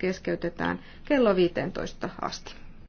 keskeytetään kello 15 asti.